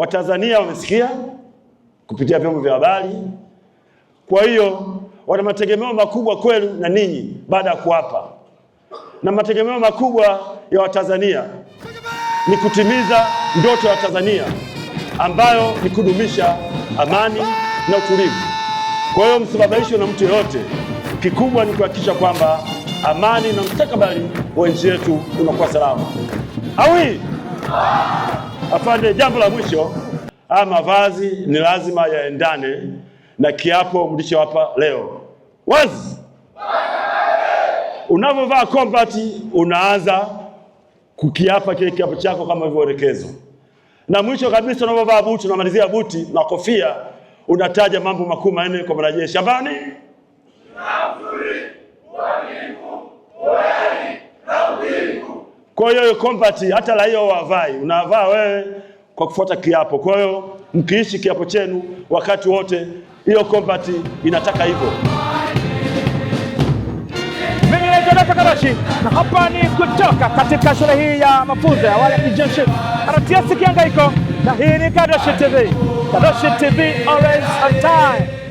Watanzania wamesikia kupitia vyombo vya habari. Kwa hiyo wana mategemeo makubwa kwenu na ninyi baada ya kuapa, na mategemeo makubwa ya Watanzania ni kutimiza ndoto ya Tanzania ambayo ni kudumisha amani na utulivu. Kwa hiyo msibabaishwe na mtu yoyote kikubwa ni kuhakikisha kwamba amani na mstakabali wa nchi yetu unakuwa salama. Awi Afande, jambo la mwisho, haya mavazi ni lazima yaendane na kiapo mlichowapa leo. Wazi, unavyovaa kombati unaanza kukiapa kile kiapo chako kama ilivyoelekezwa, na mwisho kabisa unavyovaa buti unamalizia buti na kofia, unataja mambo makuu manne kwa mwanajeshi ambayo ni kwa hiyo kompati hata hiyo wavai, unavaa wewe kwa kufuata kiapo. Kwa hiyo mkiishi kiapo chenu wakati wote, hiyo kompati inataka hivyo. Na hapa ni kutoka katika shule hii ya mafunzo ya awali ya kijeshi RTS Kihangaiko, na hii ni Kadoshi TV. Kadoshi TV always on time.